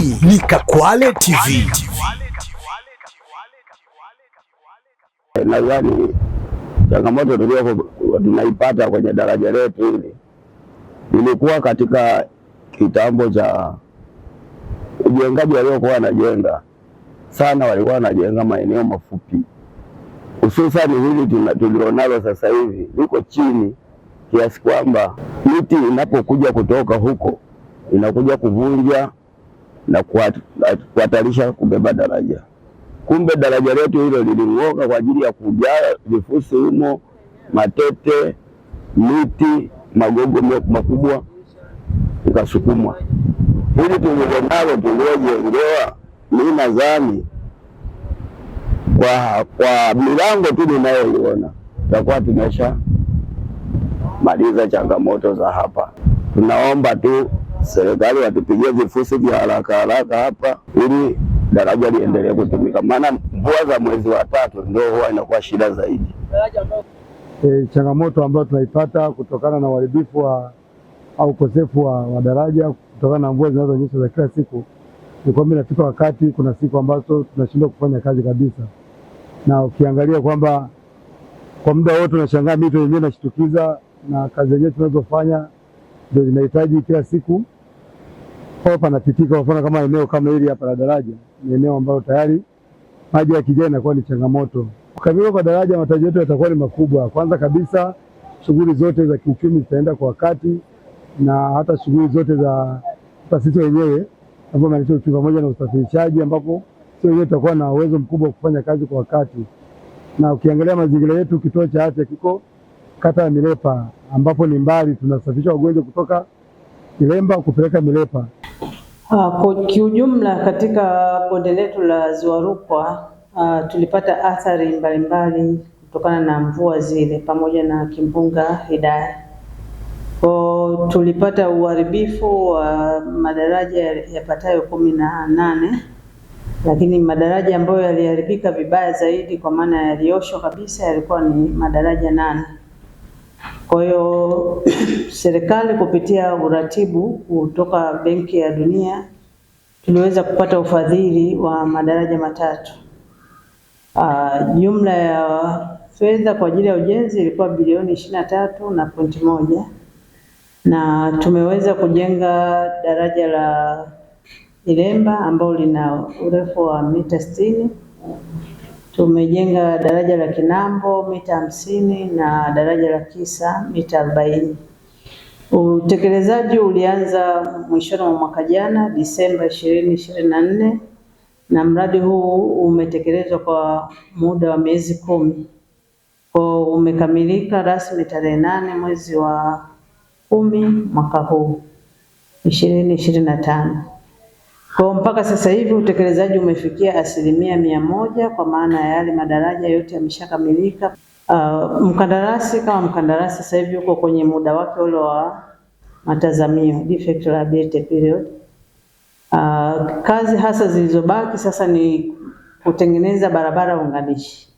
Hii ni Kakwale TV. Nadhani changamoto tuliyoko tunaipata kwenye daraja letu hili, ilikuwa katika kitambo cha ujengaji, waliokuwa wanajenga sana walikuwa wanajenga maeneo mafupi, hususani hili tulilonalo sasa hivi liko chini kiasi kwamba miti inapokuja kutoka huko inakuja kuvunja na kuhatarisha kubeba daraja. Kumbe daraja letu hilo liling'oka kwa ajili ya kujaa vifusi humo, matete, miti, magogo makubwa, ikasukumwa. Hili tulilonalo tuliojengewa, mi nadhani kwa, kwa milango tu ninayoiona tutakuwa tumesha maliza changamoto za hapa. Tunaomba tu serikali watupigia vifusi vya haraka haraka hapa ili daraja liendelee kutumika, maana mvua za mwezi wa tatu ndio huwa inakuwa shida zaidi. E, changamoto ambayo tunaipata kutokana na uharibifu wa au ukosefu wa, wa daraja kutokana na mvua zinazonyesha za kila siku ni kwamba inafika wakati, kuna siku ambazo tunashindwa kufanya kazi kabisa, na ukiangalia kwamba kwa muda wote unashangaa mito yenyewe inashitukiza na kazi yenyewe tunazofanya ndio zinahitaji kila siku kwao panapitika. Kwa mfano kama eneo kama hili hapa la daraja, ni eneo ambalo tayari maji ya kijani inakuwa ni changamoto. Kukamilika kwa daraja, matarajio yetu yatakuwa ni makubwa. Kwanza kabisa, shughuli zote za kiuchumi zitaenda kwa wakati na hata shughuli zote za taasisi wenyewe ambao pamoja na usafirishaji, ambapo sio wenyewe tutakuwa na uwezo mkubwa wa kufanya kazi kwa wakati. Na ukiangalia mazingira yetu, kituo cha afya kiko kata ya Milepa, ambapo ni mbali, tunasafisha wagonjwa kutoka Kilemba kupeleka Milepa. Ah, kwa kiujumla katika bonde letu la Ziwa Rukwa uh, tulipata athari mbalimbali kutokana na mvua zile pamoja na kimbunga Hidaya. Kwa tulipata uharibifu wa madaraja yapatayo kumi na nane, lakini madaraja ambayo yaliharibika vibaya zaidi kwa maana yalioshwa kabisa yalikuwa ni madaraja nane kwa hiyo serikali kupitia uratibu kutoka Benki ya Dunia tuliweza kupata ufadhili wa madaraja matatu. Uh, jumla ya fedha kwa ajili ya ujenzi ilikuwa bilioni ishirini na tatu na pointi moja na tumeweza kujenga daraja la Ilemba ambalo lina urefu wa mita sitini tumejenga daraja la Kinambo mita hamsini na daraja la Kisa mita arobaini. Utekelezaji ulianza mwishoni mwa mwaka jana Disemba ishirini ishirini na nne na mradi huu umetekelezwa kwa muda wa miezi kumi kwa umekamilika rasmi tarehe nane mwezi wa kumi mwaka huu ishirini ishirini na tano. Kwa mpaka sasa hivi utekelezaji umefikia asilimia mia moja kwa maana ya yale madaraja yote yameshakamilika. Uh, mkandarasi kama mkandarasi sasa hivi uko kwenye muda wake ule wa matazamio, defect liability period. Uh, kazi hasa zilizobaki sasa ni kutengeneza barabara unganishi.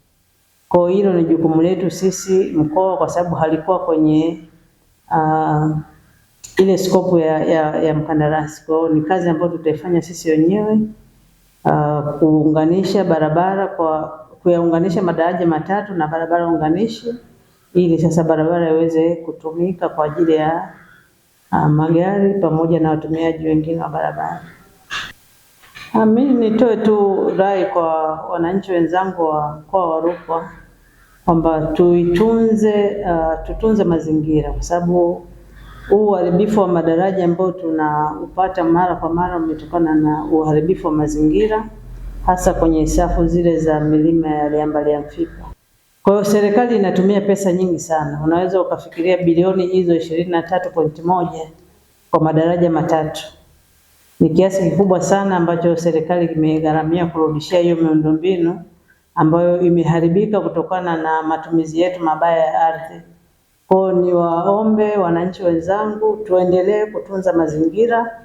Kwa hilo ni jukumu letu sisi mkoa, kwa sababu halikuwa kwenye uh, ile skopu ya, ya, ya mkandarasi. Kwa hiyo ni kazi ambayo tutaifanya sisi wenyewe uh, kuunganisha barabara kwa kuyaunganisha madaraja matatu na barabara unganishi ili sasa barabara iweze kutumika kwa ajili ya uh, magari pamoja na watumiaji wengine wa barabara. Mimi uh, nitoe tu rai kwa wananchi wenzangu wa mkoa wa Rukwa kwamba tuitunze, uh, tutunze mazingira kwa sababu huu uharibifu wa madaraja ambao tunaupata mara kwa mara umetokana na uharibifu wa mazingira, hasa kwenye safu zile za milima ya Liambaliamfipa. Kwa hiyo serikali inatumia pesa nyingi sana, unaweza ukafikiria bilioni hizo ishirini na tatu pointi moja kwa madaraja matatu ni kiasi kikubwa sana ambacho serikali kimegharamia kurudishia hiyo miundombinu ambayo imeharibika kutokana na matumizi yetu mabaya ya ardhi. Kwa hiyo niwaombe wananchi wenzangu, tuendelee kutunza mazingira.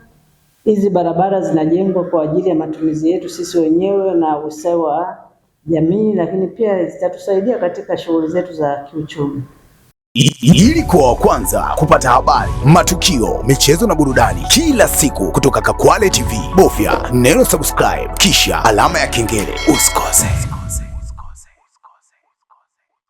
Hizi barabara zinajengwa kwa ajili ya matumizi yetu sisi wenyewe na ustawi wa jamii, lakini pia zitatusaidia katika shughuli zetu za kiuchumi. Ili kuwa wa kwanza kupata habari, matukio, michezo na burudani kila siku kutoka Kakwale TV, bofya neno subscribe kisha alama ya kengele usikose.